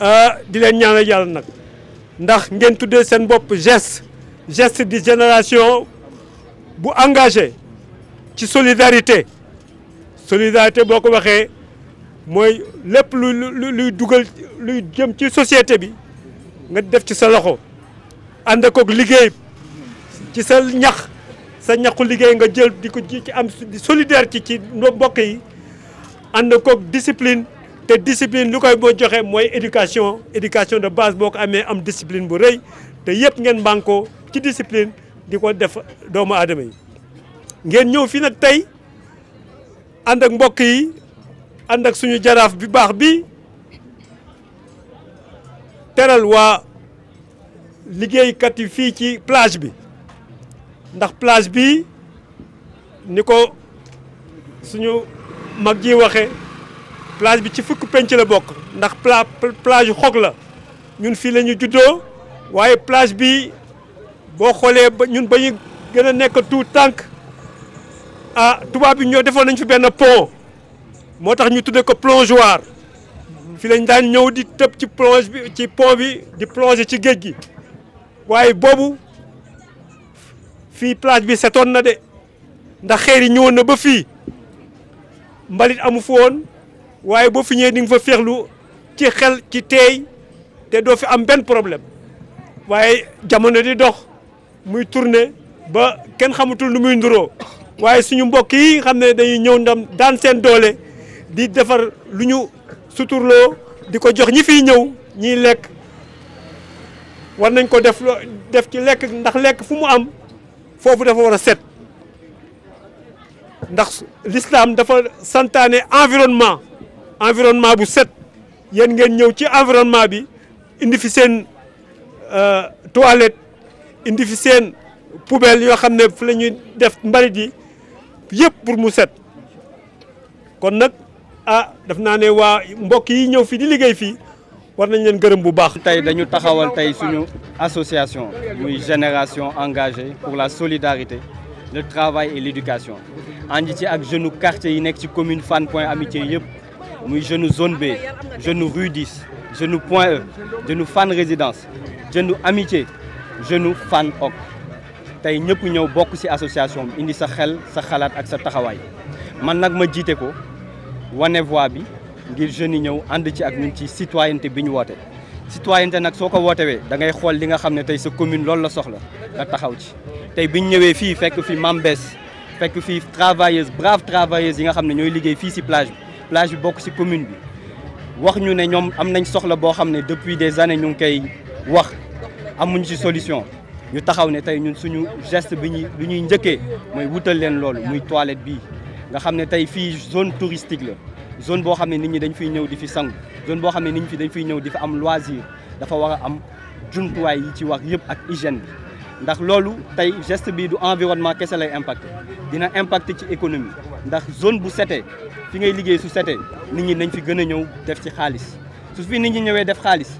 Ah, di leen ñaanal yàlla nag ndax ngeen tuddee seen bopp geste geste di génération bu engagé ci solidarité solidarité boo ko waxee mooy lépp luy luy dugal luy jëm ci société bi nga def ci sa loxo ànd akook liggéey ci sa ñax sa ñaxu liggéey nga jël di ko ci am solidarité ci mbokk yi ànd akook discipline te discipline lu koy boo joxee mooy éducation éducation de base boo ko amee am discipline bu rëy te yëpp ngeen bànkoo ci discipline di ko def doomu aadama yi ngeen ñëw fi nag tey ànd ak mbokk yi ànd ak suñu jaraaf bi baax bi teral waa liggéeykat yi fii ci plage bi ndax plage bi ni ko suñu mag ji waxe plage bi ci fukk penc la bokk ndax pla plage xog la ñun fii lañu ñu juddoo waaye plage bi boo xoolee ba ñun ba ñu gën a nekk tànk ah tubaab bi ñoo defoon nañ fi benn pont moo tax ñu tuddee ko plongeoir fi lañ daan ñëw di tëb ci plonge bi ci pont bi di plonger ci géej gi waaye boobu fii plage bi setoon na de ndax xeer yi ñëwoon na ba fii mbalit amu fi woon waaye boo fi ñëwee di nga fa féexlu ci xel ci teey te doo fi am benn problème waaye jamono di dox muy tourner ba kenn xamatul nu muy nduroo waaye suñu mbokk yi xam ne dañuy ñëw ndam daan seen doole di defar lu ñu suturloo di ko jox ñi fiy ñëw ñiy lekk war nañ ko def def ci lekk ndax lekk fu mu am foofu dafa war a set ndax l'islam dafa santaane environnement environnement bu set yéen ngeen ñëw ci environnement bi indi fi seen euh, toilette indi fi seen poubelle yoo xam ne fu la ñuy def mbalit yi yëpp pour mu set kon nag ah def naa ne waa mbokk yi ñëw fii di liggéey fii war nañ leen gërëm bu baax. tey dañu taxawal tey suñu association muy génération engagée pour la solidarité le travail et l' éducation ci ak jeunes quartier yi nekk ci commune Fann Point Amitié yëpp. muy jeune zone B jeune rue 10 jeune point E jeune fan résidence jeune amitié jeune fan ok tey ñëpp ñëw bokk ci association bi indi sa xel sa xalaat ak sa taxawaay man nag ma jiite ko wane voix bi ngir jeunes yi ñëw ànd ci ak ñun ci citoyenneté bi ñu woote. citoyenneté nag soo ko wootewee da ngay xool li nga xam ne tey sa commune loolu la soxla nga taxaw ci tey bi ñëwee fii fekk fi Mambes fekk fi travailleuse brave travailleuse yi nga xam ne ñooy liggéey fii ci plage plage bi bokk ci commune bi wax ñu ne ñoom am nañ soxla boo xam ne depuis des années ñu ngi koy wax amuñ ci solution ñu taxaw ne tey ñun suñu geste bi ñuy bi ñuy njëkkee mooy wutal leen loolu muy toilette bii nga xam ne tey fii zone touristique la zone boo xam ne nit ñi dañu fiy ñëw di fi sangu zone boo xam ne nit ñi dañ fiy ñëw di fi am loisir dafa war a am jumtuwaay yi ci wax yëpp ak hygiène bi ndax loolu tey geste bi du environnement kese lay impacté dina impacté ci économie ndax zone bu setee fi ngay liggéey su setee nit ñi nañ fi gën a ñëw def ci xaalis su fi nit ñi ñëwee def xaalis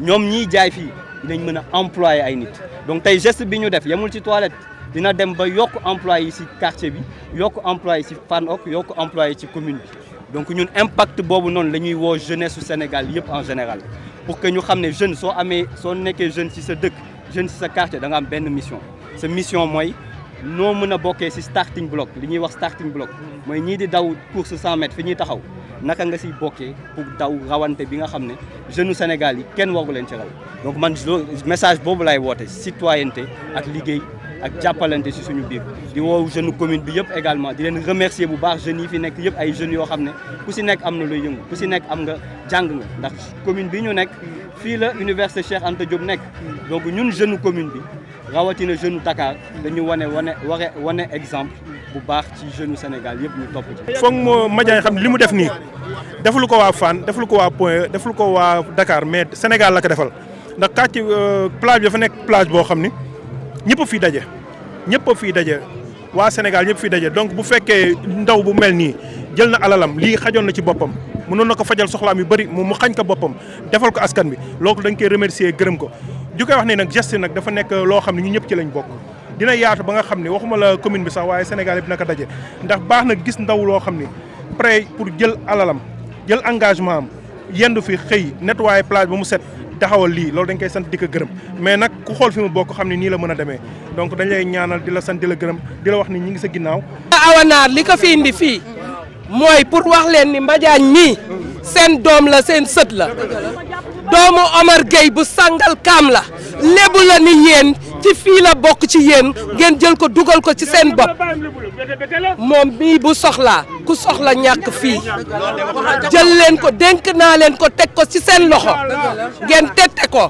ñoom ñiy jaay fii dinañ mën a employé ay nit donc tey gest bi ñu def yemul ci toilette dina dem ba yokk employé yi ci quartier bi yokk employé yi ci Fann Hock yokk employé ci commune bi donc ñun impact boobu noonu la ñuy woo jeunesse su Sénégal yëpp en général pour que ñu xam ne jeune soo amee soo nekkee jeune ci sa dëkk jeune ci sa quartier danga am benn mission sa mission mooy noo mën a bokkee si starting block li ñuy wax starting block mooy ñii di daw course 100 mètres fi ñuy taxaw naka nga siy bokkee pour daw rawante bi nga xam ne jeune Sénégal yi kenn waru leen ci donc man message boobu laay woote citoyenneté ak liggéey ak jàppalante si suñu biir di woow jeune commune bi yëpp également di leen remercier bu baax jeune yi fi nekk yëpp ay jeunes yoo xam ne ku si nekk am na luy yëngu ku si nekk am nga jàng nga ndax commune bi ñu nekk fii la université Cheikh Anta Diop nekk donc ñun jeune commune bi rawatina jeune Dakar dañu wane wane ware wane exemple bu baax ci jeune Sénégal yëpp ñu topp ci. foog moo Madiagne xam ne li mu def nii deful ko waa Fann deful ko waa Point deful ko waa Dakar mais Sénégal la ko defal ndax kàcc euh, plage bi dafa nekk plage boo xam ni ñëpp fi daje ñëpp a fiy daje waa Sénégal ñëpp fiy daje donc bu fekkee ndaw bu mel nii jël na alalam lii xajoon na ci boppam. mënoon na ko fajal soxlaam yu bëri mu xañ ko boppam defal ko askan bi loolu dañ koy remercier gërëm ko. di koy wax ne nag geste nag dafa nekk loo xam ne ñu ñëpp ci lañ bokk dina yaatu ba nga xam ne waxuma la commune bi sax waaye Sénégal yëpp naka daje ndax baax na gis ndaw loo xam ne prêt pour jël alalam jël engagement am yendu fi xëy nettoyer plage ba mu set taxawal lii loolu dañ koy sant di ko gërëm mais nag ku xool fi mu bokk xam ne nii la mën a demee donc dañ lay di la sant di la gërëm di la wax ni ñi ngi sa ginnaaw awanaar li ko fi indi fii mooy pour wax leen ni Mbadiane mii seen doom la seen sët la doomu Omar Gueye bu sangal kaam la lébu la ni yéen ci fii la bokk ci yéen ngeen jël ko dugal ko ci seen bopp moom bii bu soxlaa ku soxla ñàkk fii jël leen ko dénk naa leen ko teg ko ci seen loxo ngeen tette ko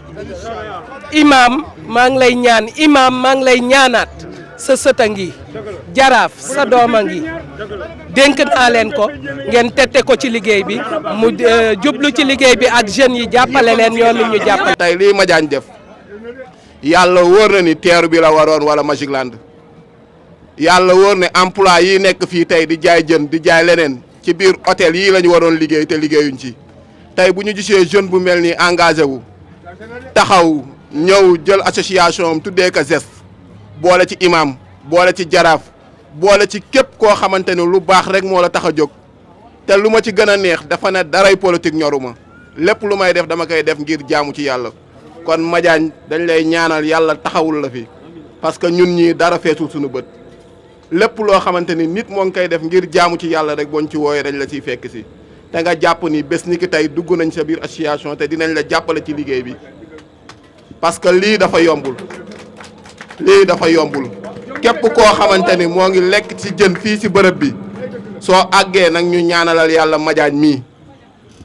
imam maa ngi lay ñaan imaam maa ngi lay ñaanaat sa a ngi jaraaf sa doom a ngi dénk naa leen ko ngeen tette ko ci liggéey bi mu euh, jublu ci liggéey bi ak jeunes yi jàppale leen ñoom it ñu jàppale. tey lii ma jaañ def yàlla wóor na ni teeru bi la waroon wala Magic Land yàlla wóor ne emploi yi nekk fii tey di jaay jën di jaay leneen ci biir hôtel yii la ñu waroon liggéey te liggéeyuñ ci tey bu ñu gisee jeune bu mel ni engagé wu taxaw ñëw jël association am tuddee ko geste boole ci imaam boole ci jaraaf boole ci képp koo xamante ni lu baax rek moo la tax a jóg te lu ma ci gën a neex dafa ne daray politique ñoruma lépp lu may def dama koy def ngir jaamu ci yàlla kon Madiagne dañ lay ñaanal yàlla taxawul la fi parce que ñun ñii dara feesul suñu bët lépp loo xamante ni nit moo ngi koy def ngir jaamu ci yàlla rek boñ ci wooyee dañ la ciy fekk si te nga jàpp ni bés ni ki tey dugg nañ sa biir association te dinañ la jàppale ci liggéey bi que lii dafa yombul lii dafa yombul képp koo xamante ni moo ngi lekk ci jën fii ci bërëb bi soo àggee nag ñu ñaanalal yàlla majaaj mii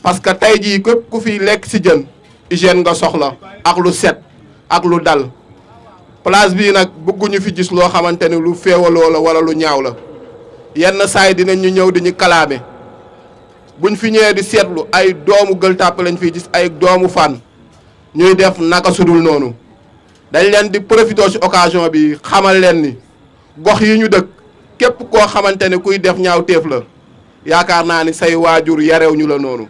parce que tey jii képp ku fiy lekk ci jën hygiène nga soxla ak lu set ak lu dal place bii nag bëgguñu fi gis loo xamante ni lu féewaloo la wala lu ñaaw la yenn saay yi dinañ ñu ñëw di ñu kalaame buñ fi ñëwee di seetlu ay doomu Gueule Tapée lañ fiy gis ay doomu Fann ñuy def naka sudul noonu dañu leen di profité ci occasion bi xamal leen ni gox yi ñu dëkk képp koo xamante ne kuy def ñaaw téef la yaakaar naa ni say waajur yarewuñu la noonu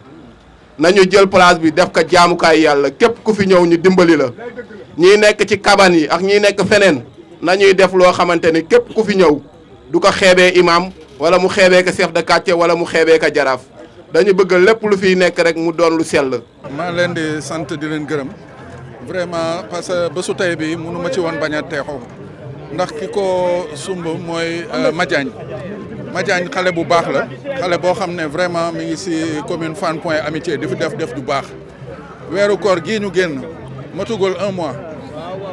nañu jël place bi def ko jaamukaay yàlla képp ku fi ñëw ñu dimbali la ñuy nekk ci kaban yi ak ñuy nekk feneen nañuy def loo xamante ni képp ku fi ñëw du ko xeebee imam wala mu xeebee ko chef de quartier wala mu xeebee ko jaraaf dañu bëgg lépp lu fiy nekk rek mu doon lu sell. maa leen di sant di leen gërëm. vraiment parce que bésu tey bi mënu ma ci woon bañ a teexoo ndax ki ko sumb mooy euh, Madiagne Madiagne xale bu baax la xale boo xam ne vraiment mi ngi si commune Fann Point Amitié di def def du baax weeru koor gii ñu génn matugul un mois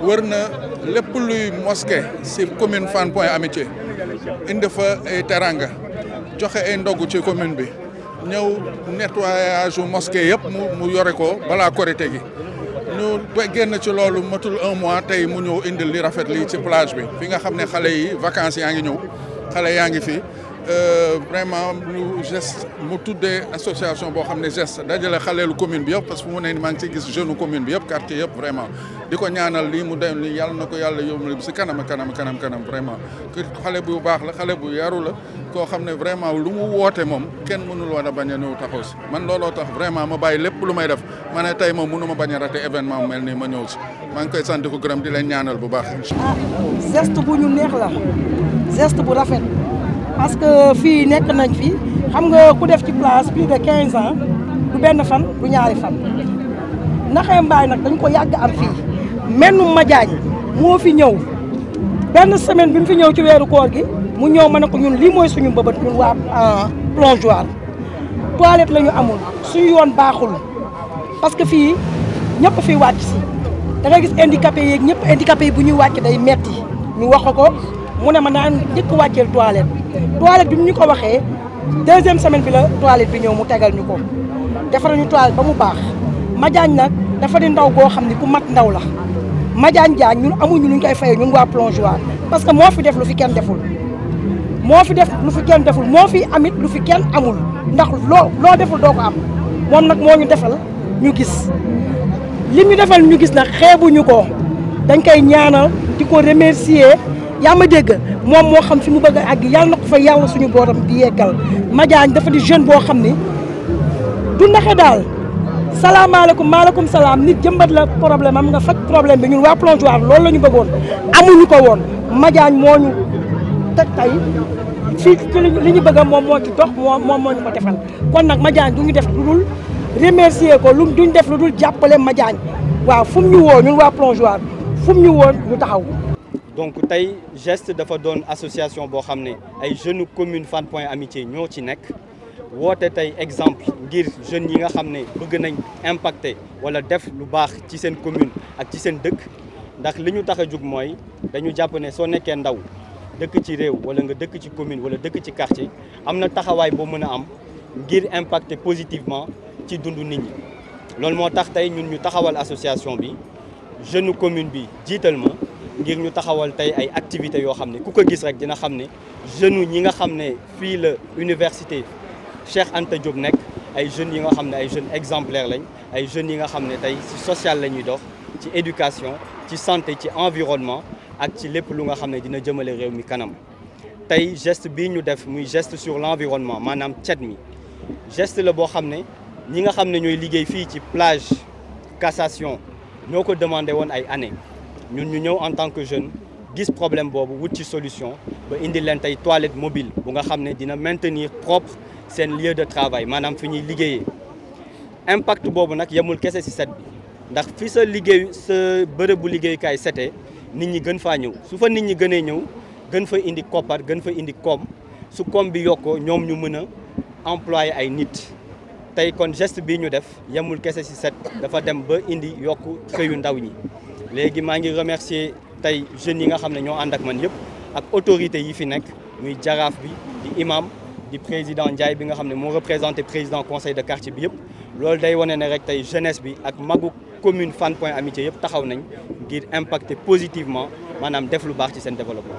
wër na lépp luy moske si commune Fann Point Amitié indi fa ay teranga joxe ay ndog ci commune bi ñëw nettoyage u mosquée yëpp mu mu yore ko balaa korité gi ñu génn ci loolu matul un mois tey mu ñëw indil li rafet lii ci plage bi fi nga xam ne xale yi vacances yaa ngi ñëw xale yaa ngi fi. Euh, vraiment lu geste mu tuddee association boo xam ne geste dajale xaleelu commune bi yëpp parce que mu ngi ciy gis jeune commune bi yëpp quartier yëpp vraiment di ko ñaanal lii mu dem lii yàlla na ko yàlla yóbbu si kanam kanam kanam kanam vraiment xale bu baax la xale bu yaru la koo xam ne vraiment lu mu woote moom kenn mënul war a bañ a ñëw taxaw si man looloo tax vraiment ma bàyyi lépp lu may def ma ne tey moom mënu ma bañ a raté événement mu mel nii ma ñëw si maa ngi koy sant ko gërëm di leen ñaanal bu baax. ah geste bu neex la geste bu rafet. parce que fii nekk nañ fi xam nga ku def ci place plus de 15 ans du benn fan du ñaari fan. naxee nag dañ ko yàgg am fii mennum ma jaañ moo fi ñëw benn semaine bi mu fi ñëw ci weeru koor gi mu ñëw ma ne ko ñun lii mooy suñu mbëbët ñun waa euh, plongeoir toilette lañu ñu amul suñu yoon baaxul parce que fii ñëpp fiy wàcc si da nga gis handicapé yeeg ñëpp handicapé yi bu ñuy wàcc day metti ñu wax ko mu ne ma naan njëkk wàcceel toilette toilette bi mu ñu ko waxee deuxième semaine bi la toilette bi ñëw mu tegal ñu ko defar ñu toilette ba mu baax Madiagne nag dafa di ndaw goo xam ni ku mat ndaw la Madiagne Diagne ñun amuñu luñ koy fayee ñun waa plongeoir parce que moo fi def lu fi kenn deful moo fi def lu fi deful moo fi amit lu fi kenn amul ndax loo loo deful doo ko am moom nag moo ñu defal ñu gis li ñu defal ñu gis nag xeebuñu ko dañ koy ñaanal di ko remercier yaa ma dégg moom moo xam fi mu bëgg ak àgg yàlla na ko fa yàlla suñu booram di yeggal Madiagne dafa di jeune boo xam ni du naxe daal salaamaaleykum maaleykum salaam ni jëmbat la problème am nga faj problème bi ñun waa plongeoir loolu la ñu bëggoon amuñu ko woon Madiagne moo ñu teg tey fii ci li ñu bëgg moom moo ci dox moo moom moo ñu ko defal kon nag Madiagne du ñu def lu dul remercier ko lu duñ def lu dul jàppale Madiagne waaw fu mu ñu woo ñun waa plongeoir fu ñu woo ñu donc tey geste dafa doon association boo xam ne ay jeunes commune Fann Point Amitié ñoo ci nekk woote tey exemple ngir jeunes yi nga xam ne bëgg nañ impacter wala def lu baax ci seen commune ak ci seen dëkk ndax li ñu tax a jug mooy dañu jàpp ne soo nekkee ndaw dëkk ci réew wala nga dëkk ci commune wala dëkk ci quartier am na taxawaay boo mën a am ngir impacter positivement ci dundu nit ñi loolu moo tax tey ñun ñu taxawal association bi jeune commune bi jiital ma ngir ñu taxawal tey ay activités yoo xam ne ku ko gis rek dina xam ne jeunes ñi nga xam ne fii la université Cheikh Anta Diop nekk ay jeunes yi nga xam ne ay jeunes exemplaires lañ ay jeunes yi nga xam ne tey ci social la ñuy dox ci éducation ci santé ci environnement ak ci lépp lu nga xam ne dina jëmale réew mi kanam tey geste bii ñu def muy geste sur l'environnement maanaam cet mi geste la boo xam ne ñi nga xam ne ñooy liggéey fii ci plage cassation ñoo ko demandé woon ay années ñun ñu ñëw en tant que jeune gis problème boobu wut ci solution ba indi leen tey toilette mobile bu nga xam ne dina maintenir propre seen lieu de travail maanaam fi ñuy liggéeyee impact boobu nag yemul kese ci set bi ndax fi sa liggéeyu sa bërëbu liggéeykaay setee nit ñi gën faa ñëw su fa nit ñi gënee ñëw gën fa indi koppar gën fa indi kom su koom bi yokkoo ñoom ñu mën a employé ay nit tey kon geste bi ñu def yemul kese ci set dafa dem ba indi yokk xëyu ndaw ñi léegi maa ngi remercier tey jeunes yi nga xam ne ñoo ànd ak man yëpp ak autorité yi fi nekk muy jaraaf bi di imam di président Ndiaye bi nga xam ne moo représenté président conseil de quartier bi yëpp loolu day wane ne rek tey jeunesse bi ak magu commune Fann Point Amitié yëpp taxaw nañ ngir impacter positivement maanaam def lu baax ci seen développement